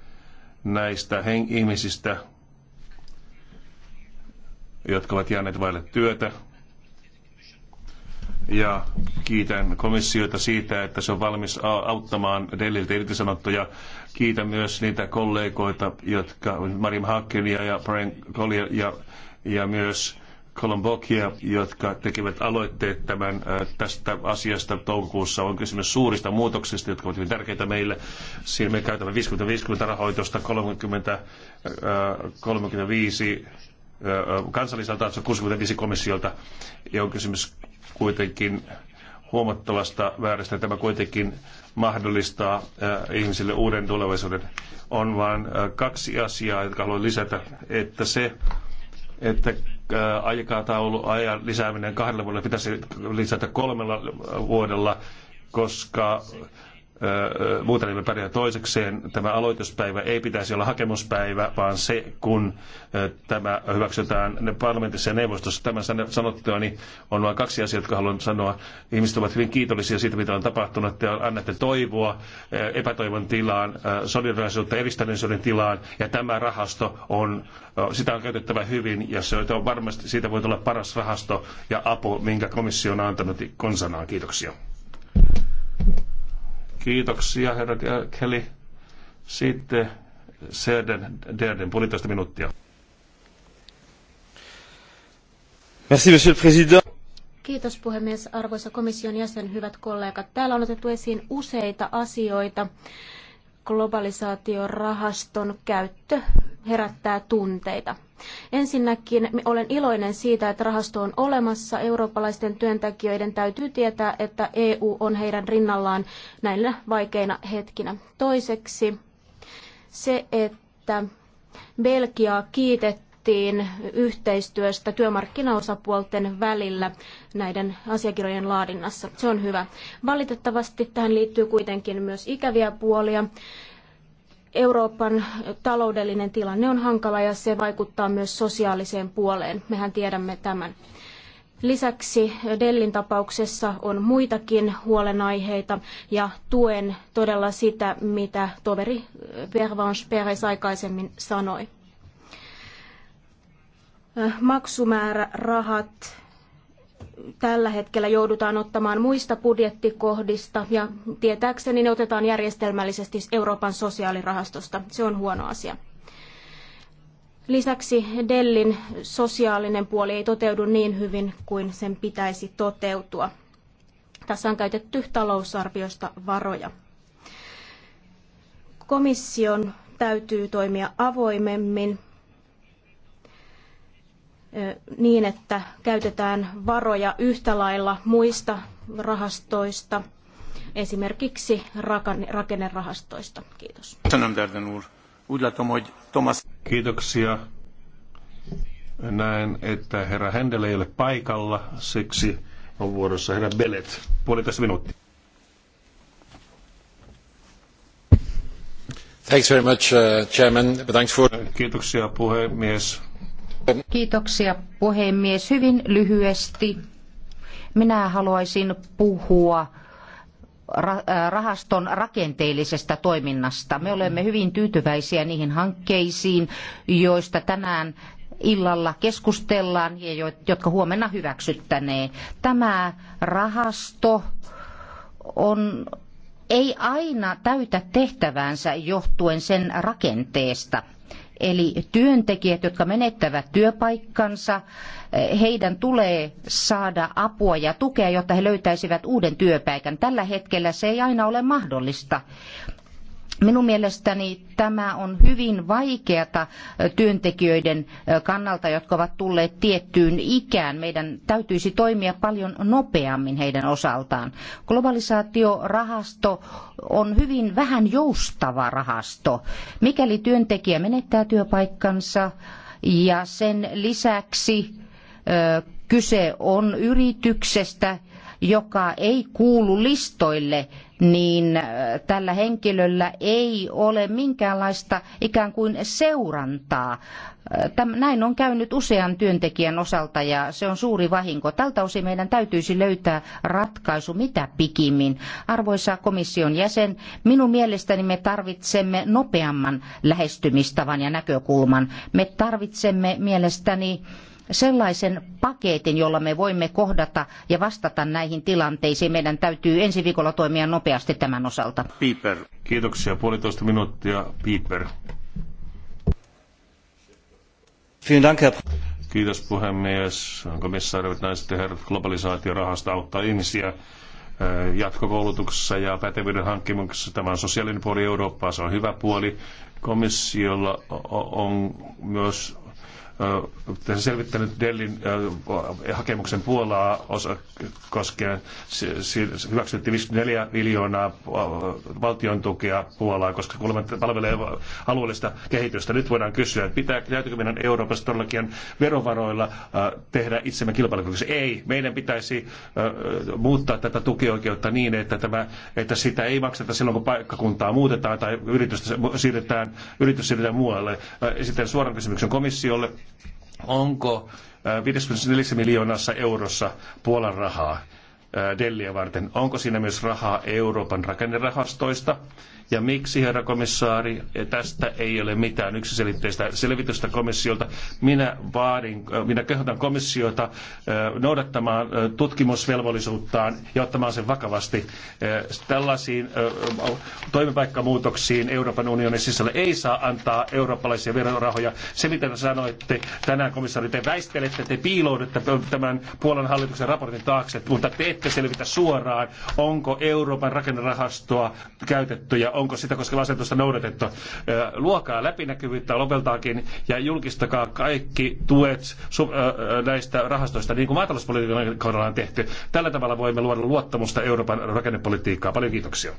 näistä ihmisistä, jotka ovat jääneet vaille työtä, ja kiitän komissiota siitä, että se on valmis auttamaan Delliltä irtisanottuja. Kiitän myös niitä kollegoita, jotka Marim Hakkenia ja Brian Collier ja, ja myös Kolombokia, jotka tekivät aloitteet tämän, tästä asiasta toukokuussa. On kysymys suurista muutoksista, jotka ovat hyvin tärkeitä meille. Siinä me käytämme 50-50 rahoitusta, 30, 35 kansalliselta, 65 komissiolta, ja on kysymys kuitenkin huomattavasta väärästä. Tämä kuitenkin mahdollistaa äh, ihmisille uuden tulevaisuuden. On vain äh, kaksi asiaa, jotka haluan lisätä, että se, että äh, aikataulu ajan lisääminen kahdella vuodella pitäisi lisätä kolmella vuodella, koska muuten emme pärjää toisekseen. Tämä aloituspäivä ei pitäisi olla hakemuspäivä, vaan se, kun tämä hyväksytään parlamentissa ja neuvostossa. Tämän sanottua, niin on vain kaksi asiaa, jotka haluan sanoa. Ihmiset ovat hyvin kiitollisia siitä, mitä on tapahtunut. Te annatte toivoa epätoivon tilaan, solidarisuutta eristäneisyyden tilaan, ja tämä rahasto on, sitä on käytettävä hyvin, ja se on varmasti, siitä voi tulla paras rahasto ja apu, minkä komissio on antanut konsanaan. Kiitoksia. Kiitoksia, herra Kelly. Sitten Seden Derden, puolitoista minuuttia. Merci, monsieur le président. Kiitos puhemies, arvoisa komission jäsen, hyvät kollegat. Täällä on otettu esiin useita asioita globalisaatiorahaston käyttö herättää tunteita. Ensinnäkin olen iloinen siitä, että rahasto on olemassa. Eurooppalaisten työntekijöiden täytyy tietää, että EU on heidän rinnallaan näinä vaikeina hetkinä. Toiseksi se, että Belgiaa kiitettiin sovittiin yhteistyöstä työmarkkinaosapuolten välillä näiden asiakirjojen laadinnassa. Se on hyvä. Valitettavasti tähän liittyy kuitenkin myös ikäviä puolia. Euroopan taloudellinen tilanne on hankala ja se vaikuttaa myös sosiaaliseen puoleen. Mehän tiedämme tämän. Lisäksi Dellin tapauksessa on muitakin huolenaiheita ja tuen todella sitä, mitä toveri Pervanche Perez aikaisemmin sanoi maksumäärärahat tällä hetkellä joudutaan ottamaan muista budjettikohdista ja tietääkseni ne otetaan järjestelmällisesti Euroopan sosiaalirahastosta. Se on huono asia. Lisäksi Dellin sosiaalinen puoli ei toteudu niin hyvin kuin sen pitäisi toteutua. Tässä on käytetty talousarviosta varoja. Komission täytyy toimia avoimemmin niin, että käytetään varoja yhtä lailla muista rahastoista, esimerkiksi rakennerahastoista. Kiitos. Kiitoksia. Näen, että herra Händel ei ole paikalla, siksi on vuorossa herra Belet. Puolitoista minuuttia. Thanks very much, uh, Chairman. Thanks for... Kiitoksia puhemies Kiitoksia puhemies. Hyvin lyhyesti. Minä haluaisin puhua äh, rahaston rakenteellisesta toiminnasta. Me olemme hyvin tyytyväisiä niihin hankkeisiin, joista tänään illalla keskustellaan ja jotka huomenna hyväksyttäneen. Tämä rahasto on ei aina täytä tehtäväänsä johtuen sen rakenteesta. Eli työntekijät, jotka menettävät työpaikkansa, heidän tulee saada apua ja tukea, jotta he löytäisivät uuden työpaikan. Tällä hetkellä se ei aina ole mahdollista. Minun mielestäni tämä on hyvin vaikeata työntekijöiden kannalta, jotka ovat tulleet tiettyyn ikään. Meidän täytyisi toimia paljon nopeammin heidän osaltaan. Globalisaatiorahasto on hyvin vähän joustava rahasto. Mikäli työntekijä menettää työpaikkansa ja sen lisäksi kyse on yrityksestä, joka ei kuulu listoille, niin äh, tällä henkilöllä ei ole minkäänlaista ikään kuin seurantaa. Äh, näin on käynyt usean työntekijän osalta ja se on suuri vahinko. Tältä osin meidän täytyisi löytää ratkaisu mitä pikimmin. Arvoisa komission jäsen, minun mielestäni me tarvitsemme nopeamman lähestymistavan ja näkökulman. Me tarvitsemme mielestäni sellaisen paketin, jolla me voimme kohdata ja vastata näihin tilanteisiin. Meidän täytyy ensi viikolla toimia nopeasti tämän osalta. Piper. Kiitoksia. Puolitoista minuuttia. Piper. Kiitos puhemies. Komissaari, naiset ja herrat, globalisaatiorahasta auttaa ihmisiä eh, jatkokoulutuksessa ja pätevyyden hankkimuksessa. Tämä on sosiaalinen puoli Eurooppaa, se on hyvä puoli. Komissiolla on myös tässä selvittänyt Dellin äh, hakemuksen Puolaa osa, koskien. hyväksytti 54 miljoonaa äh, valtion tukea Puolaa, koska kuulemma palvelee alueellista kehitystä. Nyt voidaan kysyä, että pitää, täytyykö meidän Euroopassa todellakin verovaroilla äh, tehdä itsemme kilpailukykyisen? Ei. Meidän pitäisi muuttaa tätä tukioikeutta niin, että, tämä, että sitä ei makseta silloin, kun paikkakuntaa muutetaan tai yritys siirretään, yritys siirretään muualle. sitten suoran kysymyksen komissiolle onko 54 äh, miljoonassa eurossa Puolan rahaa. Delliä varten. Onko siinä myös rahaa Euroopan rakennerahastoista? Ja miksi, herra komissaari, tästä ei ole mitään yksiselitteistä selvitystä komissiolta? Minä vaadin, minä kehotan komissiota noudattamaan tutkimusvelvollisuuttaan ja ottamaan sen vakavasti. Tällaisiin toimipaikkamuutoksiin Euroopan unionin sisällä ei saa antaa eurooppalaisia verorahoja. Se, mitä te sanoitte tänään, komissaari, te väistelette, te piiloudutte tämän Puolan hallituksen raportin taakse, mutta te ette eikä selvitä suoraan, onko Euroopan rakennerahastoa käytetty ja onko sitä koskevaa asetusta noudatettu. Luokaa läpinäkyvyyttä lopeltaakin ja julkistakaa kaikki tuet näistä rahastoista, niin kuin maatalouspolitiikan kohdalla on tehty. Tällä tavalla voimme luoda luottamusta Euroopan rakennepolitiikkaan. Paljon kiitoksia.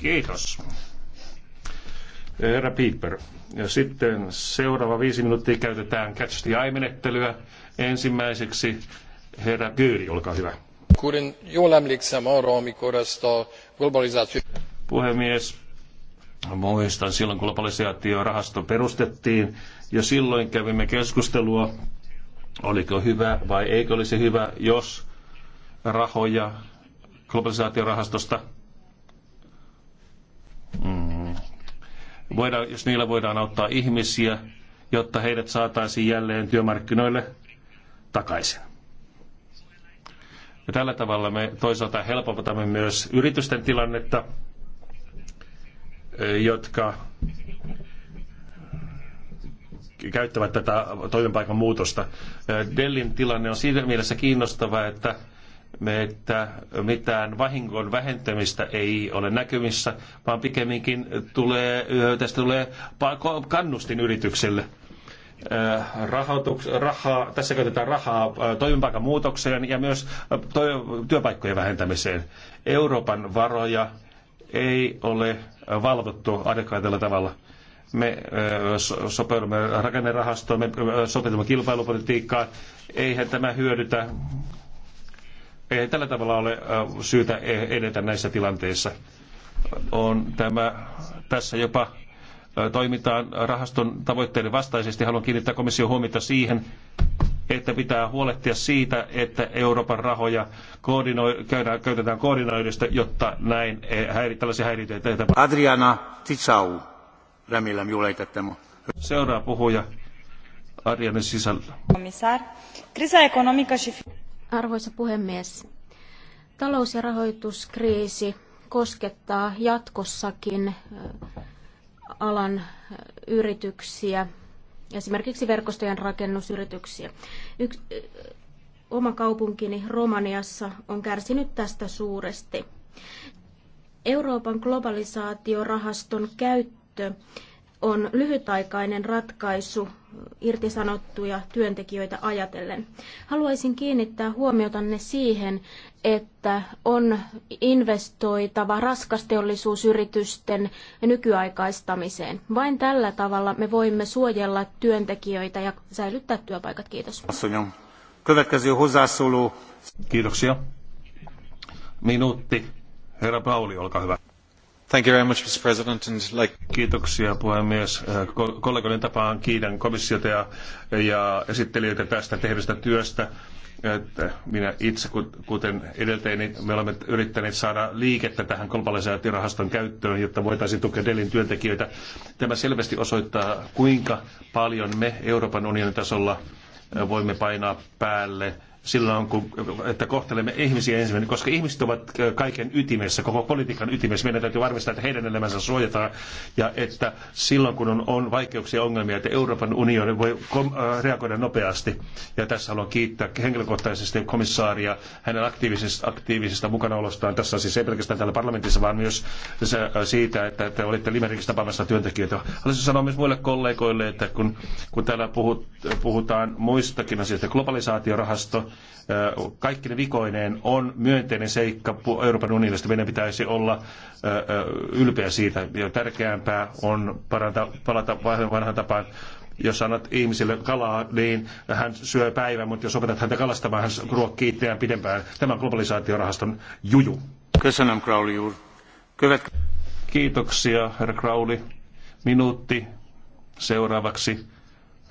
Kiitos. Herra Piper. Ja sitten seuraava viisi minuuttia käytetään catch the eye-menettelyä. Ensimmäiseksi herra Gyri, olkaa hyvä. Kuulin jól emlékszem arra, amikor ezt a globalizáció... Puhemies, muistan silloin kun globalisaatiorahasto perustettiin ja silloin kävimme keskustelua, oliko hyvä vai eikö olisi hyvä, jos rahoja globalisaatiorahastosta mm, voidaan, jos niillä voidaan auttaa ihmisiä, jotta heidät saataisiin jälleen työmarkkinoille – takaisin. Ja tällä tavalla me toisaalta helpotamme myös yritysten tilannetta, eh, jotka käyttävät tätä toimenpaikan muutosta. Eh, Dellin tilanne on siinä mielessä kiinnostava, että me, että mitään vahingon vähentämistä ei ole näkymissä, vaan pikemminkin tulee, eh, tästä tulee kannustin yritykselle rahoituks, rahaa, tässä käytetään rahaa toimipaikan muutokseen ja myös työpaikkojen vähentämiseen. Euroopan varoja ei ole valvottu adekvaatilla tavalla. Me sopeudumme rakennerahastoon, me sopeudumme kilpailupolitiikkaan. Eihän tämä hyödytä. Ei tällä tavalla ole syytä e-, edetä näissä tilanteissa. On tämä tässä jopa toimitaan rahaston tavoitteiden vastaisesti. Haluan kiinnittää komission huomiota siihen, että pitää huolehtia siitä, että Euroopan rahoja koordinoi, käydään, käytetään koordinoidusta, jotta näin e, häiri, tällaisia häiriöitä ei tapahdu. Adriana Titsau, Rämillä Juleitettemo. puhuja Adrianin sisällä. Arvoisa puhemies, talous- ja rahoituskriisi koskettaa jatkossakin alan äh, yrityksiä, esimerkiksi verkostojen rakennusyrityksiä. Yksi, äh, oma kaupunkini Romaniassa on kärsinyt tästä suuresti. Euroopan globalisaatiorahaston käyttö on lyhytaikainen ratkaisu irtisanottuja työntekijöitä ajatellen. Haluaisin kiinnittää huomiotanne siihen, että on investoitava raskasteollisuusyritysten nykyaikaistamiseen. Vain tällä tavalla me voimme suojella työntekijöitä ja säilyttää työpaikat. Kiitos. Kiitoksia. Minuutti. Herra Pauli, olkaa hyvä. Kiitoksia puhemies. Äh, kollegoiden tapaan kiitän komissiota ja, ja esittelijöitä tästä tehdystä työstä että äh, minä itse, kuten edeltäjäni, me olemme yrittäneet saada liikettä tähän globalisaatiorahaston käyttöön, jotta voitaisiin tukea Delin työntekijöitä. Tämä selvästi osoittaa, kuinka paljon me Euroopan unionin tasolla äh, voimme painaa päälle silloin, kun, että kohtelemme ihmisiä ensimmäinen, koska ihmiset ovat kaiken ytimessä, koko politiikan ytimessä. Meidän täytyy varmistaa, että heidän elämänsä suojataan ja että silloin, kun on, on vaikeuksia ja ongelmia, että Euroopan unioni voi kom- äh, reagoida nopeasti. Ja tässä haluan kiittää henkilökohtaisesti komissaaria hänen aktiivisesta, aktiivisesta mukanaolostaan tässä siis ei pelkästään täällä parlamentissa, vaan myös äh, siitä, että te olitte Limerikissä tapaamassa työntekijöitä. Haluaisin sanoa myös muille kollegoille, että kun, kun täällä puhut, puhutaan muistakin asioista, globalisaatiorahasto, kaikki ne vikoineen on myönteinen seikka Euroopan unionista. Meidän pitäisi olla ylpeä siitä. Ja tärkeämpää on paranta, palata vanhaan tapaan jos annat ihmiselle kalaa, niin hän syö päivän, mutta jos opetat häntä kalastamaan, hän ruokkii itseään pidempään. Tämä on globalisaatiorahaston juju. Crowley, Kiitoksia, herra Crowley. Minuutti seuraavaksi.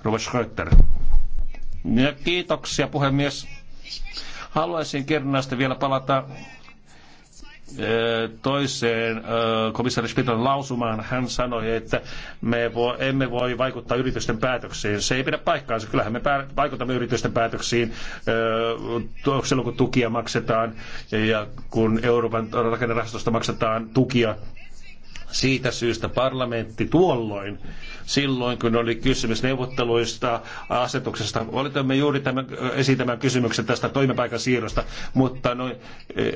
Robert Schröter. Ja kiitoksia, puhemies. Haluaisin kernaasti vielä palata eh, toiseen eh, komissaari Spiton lausumaan. Hän sanoi, että me emme voi vaikuttaa yritysten päätöksiin. Se ei pidä paikkaansa. Kyllähän me vaikutamme yritysten päätöksiin eh, silloin, kun tukia maksetaan ja kun Euroopan rakennerahastosta maksetaan tukia siitä syystä parlamentti tuolloin, silloin kun oli kysymys neuvotteluista, asetuksesta, valitamme juuri tämän, esitämään kysymyksen tästä toimipaikan siirrosta, mutta noin, e,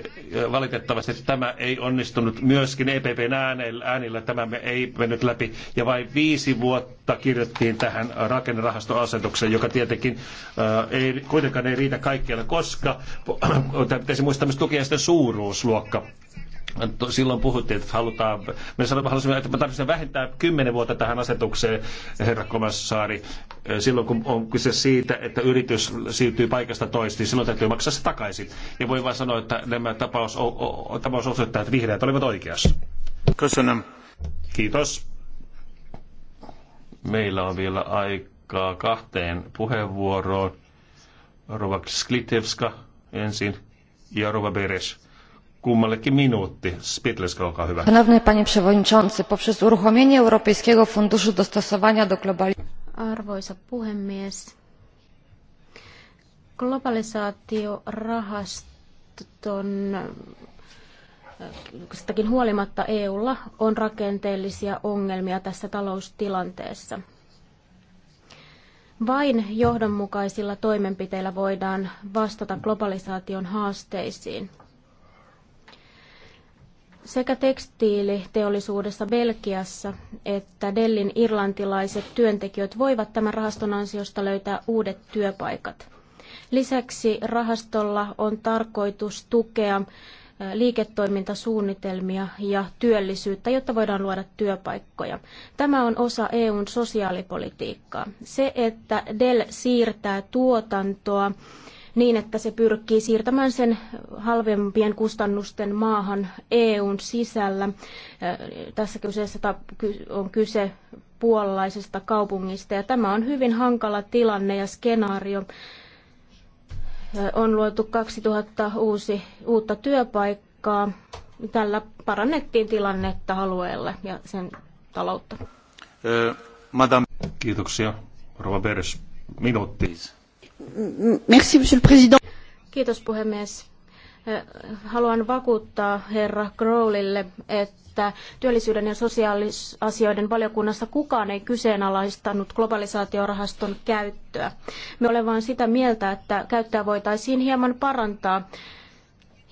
valitettavasti tämä ei onnistunut myöskin EPPn äänellä äänillä tämä ei mennyt läpi, ja vain viisi vuotta kirjoittiin tähän rakennerahastoasetukseen, joka tietenkin e, ei, kuitenkaan ei riitä kaikkialle, koska pitäisi muistaa myös tukiaisten suuruusluokka Silloin puhuttiin, että halutaan, me halusimme, että me tarvitsemme vähintään kymmenen vuotta tähän asetukseen, herra komissaari. Silloin kun on kyse siitä, että yritys siirtyy paikasta toistiin, niin silloin täytyy maksaa se takaisin. Ja voi vain sanoa, että nämä tapaus, o, o, tapaus osoittaa, että vihreät olivat oikeassa. Kiitos. Meillä on vielä aikaa kahteen puheenvuoroon. Rova Sklitevska ensin ja Rova Beres kummallekin minuutti. Spitleska, olkaa hyvä. Szanowny panie przewodniczący, poprzez uruchomienie Europejskiego Funduszu Dostosowania do Globalizacji... Arvoisa puhemies, globalisaatiorahaston sitäkin huolimatta EUlla on rakenteellisia ongelmia tässä taloustilanteessa. Vain johdonmukaisilla toimenpiteillä voidaan vastata globalisaation haasteisiin. Sekä tekstiiliteollisuudessa Belgiassa että Dellin irlantilaiset työntekijät voivat tämän rahaston ansiosta löytää uudet työpaikat. Lisäksi rahastolla on tarkoitus tukea liiketoimintasuunnitelmia ja työllisyyttä, jotta voidaan luoda työpaikkoja. Tämä on osa EUn sosiaalipolitiikkaa. Se, että Dell siirtää tuotantoa niin, että se pyrkii siirtämään sen halvempien kustannusten maahan EUn sisällä. Tässä kyseessä on kyse puolalaisesta kaupungista ja tämä on hyvin hankala tilanne ja skenaario. On luotu 2000 uusi, uutta työpaikkaa. Tällä parannettiin tilannetta alueelle ja sen taloutta. Kiitoksia. Rova Beres, minuutti. Merci, monsieur le président. Kiitos puhemies. Haluan vakuuttaa herra Crowlille, että työllisyyden ja sosiaalisasioiden valiokunnassa kukaan ei kyseenalaistanut globalisaatiorahaston käyttöä. Me olemme vain sitä mieltä, että käyttöä voitaisiin hieman parantaa.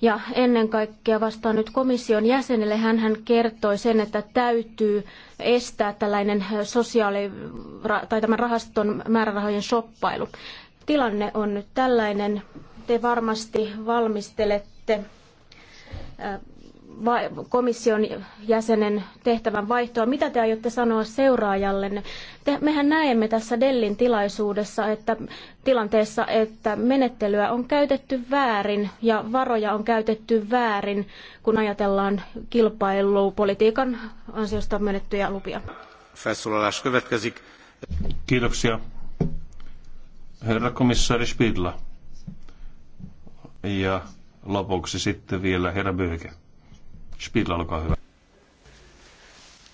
Ja ennen kaikkea vastaan nyt komission jäsenelle. hän kertoi sen, että täytyy estää tällainen sosiaali- tai tämän rahaston määrärahojen shoppailu. Tilanne on nyt tällainen. Te varmasti valmistelette äh, komission jäsenen tehtävän vaihtoa. Mitä te aiotte sanoa seuraajalle? mehän näemme tässä Dellin tilaisuudessa, että tilanteessa, että menettelyä on käytetty väärin ja varoja on käytetty väärin, kun ajatellaan kilpailupolitiikan ansiosta myönnettyjä lupia. Kiitoksia. Herra komissaari Spidla. Ja lopuksi sitten vielä herra Böge. Spidla, olkaa hyvä.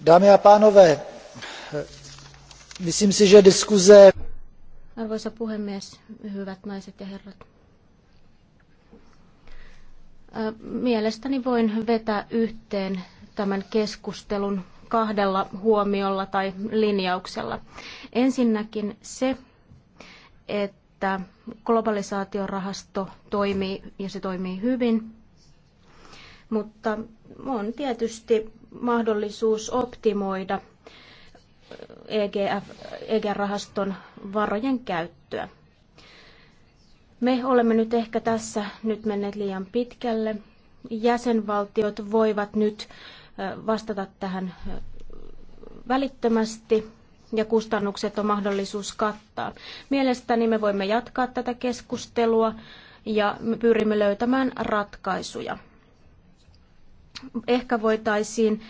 Dámy a pánové, myslím si, že diskuze... Arvoisa puhemies, hyvät naiset ja herrat. Mielestäni voin vetää yhteen tämän keskustelun kahdella huomiolla tai linjauksella. Ensinnäkin se, että globalisaatiorahasto toimii ja se toimii hyvin, mutta on tietysti mahdollisuus optimoida EGF, EG-rahaston varojen käyttöä. Me olemme nyt ehkä tässä nyt menneet liian pitkälle. Jäsenvaltiot voivat nyt vastata tähän välittömästi ja kustannukset on mahdollisuus kattaa. Mielestäni me voimme jatkaa tätä keskustelua ja me pyrimme löytämään ratkaisuja. Ehkä voitaisiin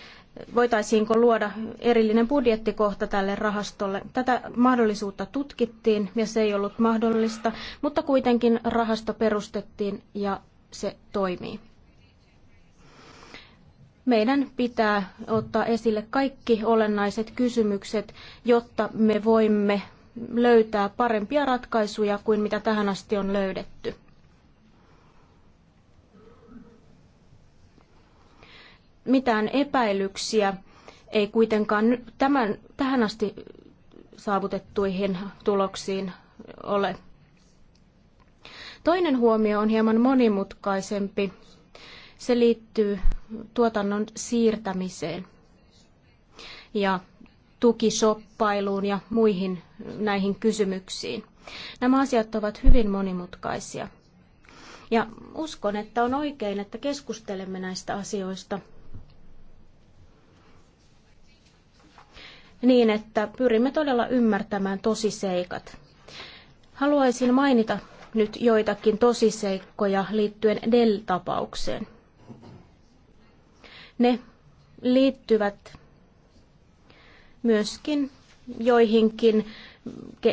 voitaisiinko luoda erillinen budjettikohta tälle rahastolle. Tätä mahdollisuutta tutkittiin ja se ei ollut mahdollista, mutta kuitenkin rahasto perustettiin ja se toimii meidän pitää ottaa esille kaikki olennaiset kysymykset, jotta me voimme löytää parempia ratkaisuja kuin mitä tähän asti on löydetty. Mitään epäilyksiä ei kuitenkaan tämän, tähän asti saavutettuihin tuloksiin ole. Toinen huomio on hieman monimutkaisempi se liittyy tuotannon siirtämiseen ja tukisoppailuun ja muihin näihin kysymyksiin. Nämä asiat ovat hyvin monimutkaisia. Ja uskon, että on oikein, että keskustelemme näistä asioista niin, että pyrimme todella ymmärtämään tosiseikat. Haluaisin mainita nyt joitakin tosiseikkoja liittyen Dell-tapaukseen. Ne liittyvät myöskin joihinkin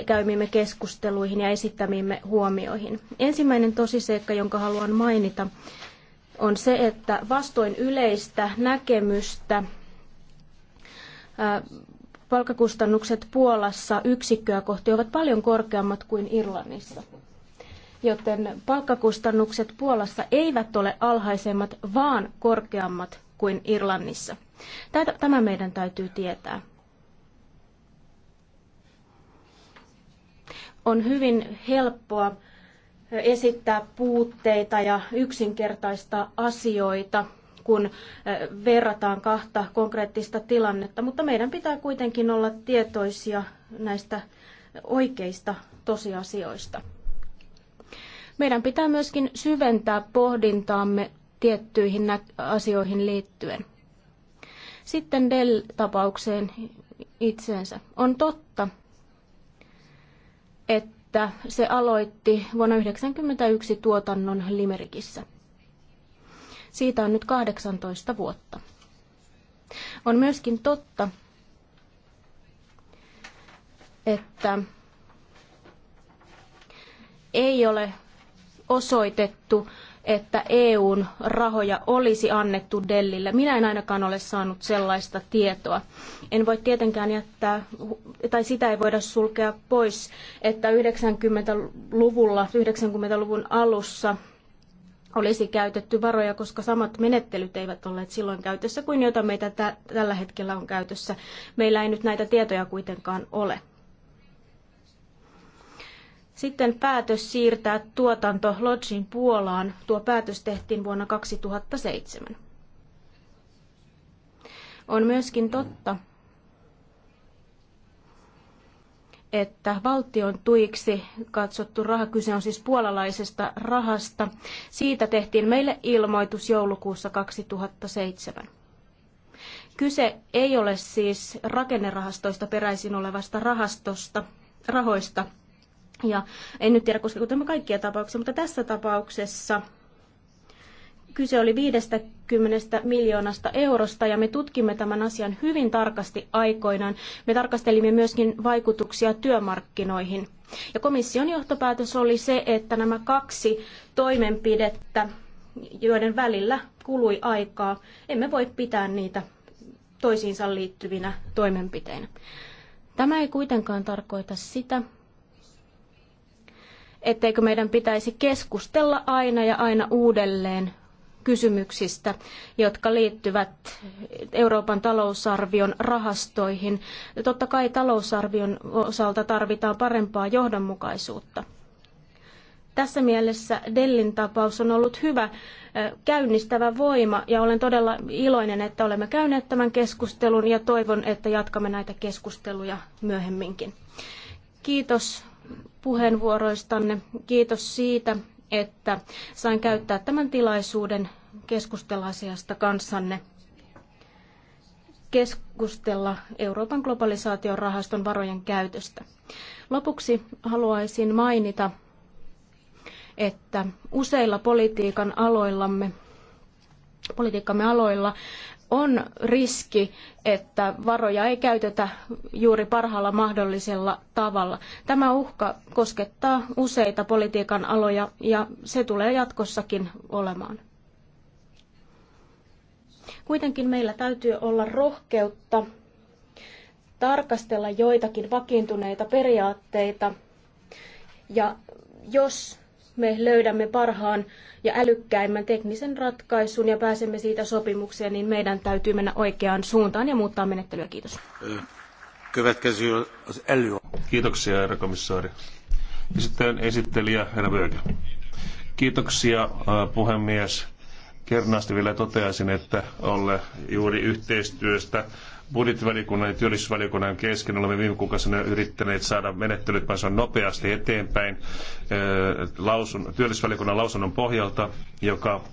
käymimme keskusteluihin ja esittämiimme huomioihin. Ensimmäinen tosiseikka, jonka haluan mainita, on se, että vastoin yleistä näkemystä palkkakustannukset Puolassa yksikköä kohti ovat paljon korkeammat kuin Irlannissa. Joten palkkakustannukset Puolassa eivät ole alhaisemmat, vaan korkeammat kuin Irlannissa. Tämä meidän täytyy tietää. On hyvin helppoa esittää puutteita ja yksinkertaista asioita, kun verrataan kahta konkreettista tilannetta, mutta meidän pitää kuitenkin olla tietoisia näistä oikeista tosiasioista. Meidän pitää myöskin syventää pohdintaamme tiettyihin asioihin liittyen. Sitten Dell-tapaukseen itseensä. On totta, että se aloitti vuonna 1991 tuotannon Limerikissä. Siitä on nyt 18 vuotta. On myöskin totta, että ei ole osoitettu että EUn rahoja olisi annettu Dellille. Minä en ainakaan ole saanut sellaista tietoa. En voi tietenkään jättää, tai sitä ei voida sulkea pois, että 90-luvulla, 90-luvun alussa olisi käytetty varoja, koska samat menettelyt eivät olleet silloin käytössä kuin joita meitä tällä hetkellä on käytössä. Meillä ei nyt näitä tietoja kuitenkaan ole. Sitten päätös siirtää tuotanto Lodgin Puolaan. Tuo päätös tehtiin vuonna 2007. On myöskin totta, että valtion tuiksi katsottu raha, kyse on siis puolalaisesta rahasta, siitä tehtiin meille ilmoitus joulukuussa 2007. Kyse ei ole siis rakennerahastoista peräisin olevasta rahastosta, rahoista, ja en nyt tiedä, koska tämä kaikkia tapauksia, mutta tässä tapauksessa kyse oli 50 miljoonasta eurosta ja me tutkimme tämän asian hyvin tarkasti aikoinaan. Me tarkastelimme myöskin vaikutuksia työmarkkinoihin. Ja komission johtopäätös oli se, että nämä kaksi toimenpidettä, joiden välillä kului aikaa, emme voi pitää niitä toisiinsa liittyvinä toimenpiteinä. Tämä ei kuitenkaan tarkoita sitä, etteikö meidän pitäisi keskustella aina ja aina uudelleen kysymyksistä, jotka liittyvät Euroopan talousarvion rahastoihin. Totta kai talousarvion osalta tarvitaan parempaa johdonmukaisuutta. Tässä mielessä Dellin tapaus on ollut hyvä käynnistävä voima ja olen todella iloinen, että olemme käyneet tämän keskustelun ja toivon, että jatkamme näitä keskusteluja myöhemminkin. Kiitos puheenvuoroistanne. Kiitos siitä, että sain käyttää tämän tilaisuuden keskustella asiasta kanssanne. Keskustella Euroopan globalisaation rahaston varojen käytöstä. Lopuksi haluaisin mainita, että useilla politiikan aloillamme politiikkamme aloilla on riski, että varoja ei käytetä juuri parhaalla mahdollisella tavalla. Tämä uhka koskettaa useita politiikan aloja ja se tulee jatkossakin olemaan. Kuitenkin meillä täytyy olla rohkeutta tarkastella joitakin vakiintuneita periaatteita ja jos me löydämme parhaan ja älykkäimmän teknisen ratkaisun ja pääsemme siitä sopimukseen, niin meidän täytyy mennä oikeaan suuntaan ja muuttaa menettelyä. Kiitos. Kiitoksia, herra komissaari. Ja sitten esittelijä, herra Böge. Kiitoksia, äh, puhemies. Kernaasti vielä toteaisin, että olle juuri yhteistyöstä budjettivaliokunnan ja työllisyysvaliokunnan kesken olemme viime kuukausina yrittäneet saada menettelyt mahdollisimman nopeasti eteenpäin eh, lausun, työllisyysvaliokunnan lausunnon pohjalta, joka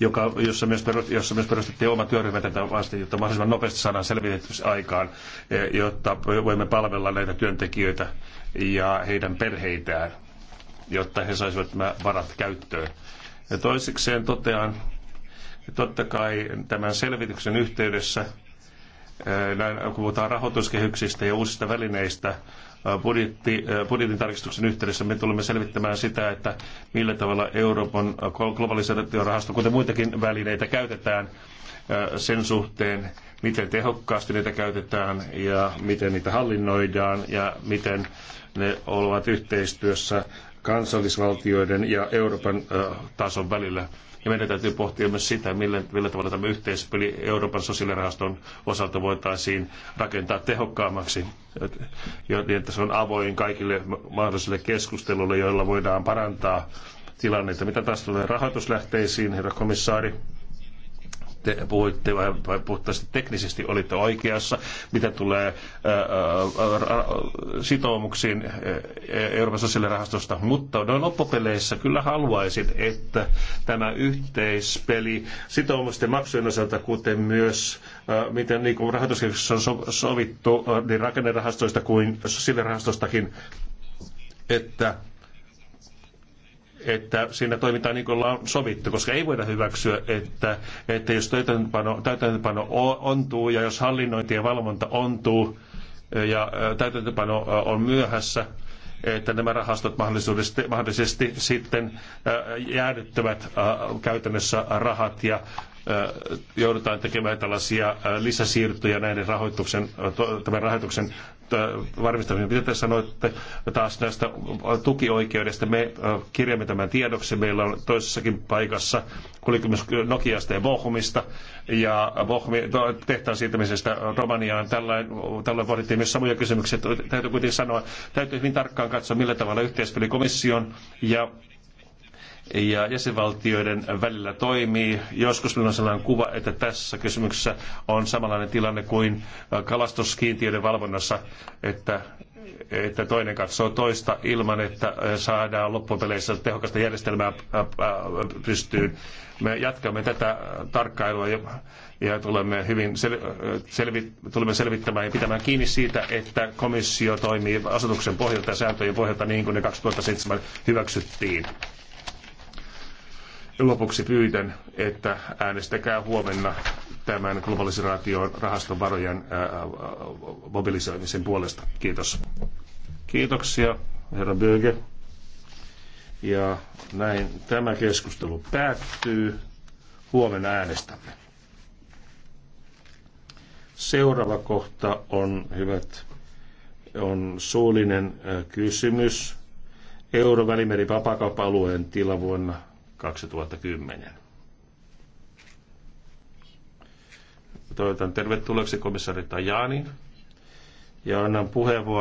joka, jossa, myös perust, jossa myös perustettiin oma työryhmä tätä vasten, jotta mahdollisimman nopeasti saadaan selvitys aikaan, eh, jotta voimme palvella näitä työntekijöitä ja heidän perheitään, jotta he saisivat nämä varat käyttöön. Ja toisekseen totean, että totta kai tämän selvityksen yhteydessä Äh, näin, kun puhutaan rahoituskehyksistä ja uusista välineistä äh, budjetti, äh, budjetin tarkistuksen yhteydessä, me tulemme selvittämään sitä, että millä tavalla Euroopan globalisaatiorahasto, kuten muitakin välineitä, käytetään sen suhteen, miten tehokkaasti niitä käytetään ja miten niitä hallinnoidaan ja miten ne ovat yhteistyössä kansallisvaltioiden ja Euroopan tason välillä. Ja meidän täytyy pohtia myös sitä, millä, millä tavalla tämä yhteispeli Euroopan sosiaalirahaston osalta voitaisiin rakentaa tehokkaammaksi, ja, niin että se on avoin kaikille mahdollisille keskusteluille, joilla voidaan parantaa tilannetta. Mitä taas tulee rahoituslähteisiin, herra komissaari? te puhuitte puhtaasti äh, teknisesti, olitte oikeassa, mitä tulee äh, äh, sitoumuksiin Euroopan sosiaalirahastosta, mutta noin loppupeleissä kyllä haluaisin, että tämä yhteispeli sitoumusten maksujen osalta, kuten myös miten niin rahoituskeskuksessa on sovittu niin rakennerahastoista kuin sosiaalirahastostakin, että että siinä toimitaan niin kuin ollaan sovittu, koska ei voida hyväksyä, että, että jos täytäntöpano, täytäntöpano ontuu ja jos hallinnointi ja valvonta ontuu ja täytäntöpano on myöhässä, että nämä rahastot mahdollisesti, mahdollisesti sitten jäädyttävät käytännössä rahat ja joudutaan tekemään tällaisia lisäsiirtoja näiden rahoituksen, tämän rahoituksen varmistamiseen. Mitä te sanoitte taas näistä tukioikeudesta? Me kirjaamme tämän tiedoksi. Meillä on toisessakin paikassa, kulikymmys Nokiasta ja Bohumista ja Bohumi, tehtaan siirtämisestä Romaniaan. Tällöin, tällöin pohdittiin myös samoja kysymyksiä. Täytyy kuitenkin sanoa, täytyy hyvin tarkkaan katsoa, millä tavalla yhteispeli komission ja ja jäsenvaltioiden välillä toimii. Joskus minulla on sellainen kuva, että tässä kysymyksessä on samanlainen tilanne kuin äh, kalastuskiintiöiden valvonnassa, että että toinen katsoo toista ilman, että äh, saadaan loppupeleissä tehokasta järjestelmää äh, pystyyn. Me jatkamme tätä tarkkailua ja, ja tulemme, hyvin sel, selvi, tulemme selvittämään ja pitämään kiinni siitä, että komissio toimii asetuksen pohjalta ja sääntöjen pohjalta niin kuin ne 2007 hyväksyttiin. Lopuksi pyydän, että äänestäkää huomenna tämän globalisaation rahaston varojen mobilisoimisen puolesta. Kiitos. Kiitoksia, herra Böge. Ja näin tämä keskustelu päättyy. Huomenna äänestämme. Seuraava kohta on, hyvät, on suullinen kysymys Euro-välimeri vapakauppa-alueen tila vuonna 2010. Toivotan tervetulleeksi komissaari Tajani ja annan puheenvuoron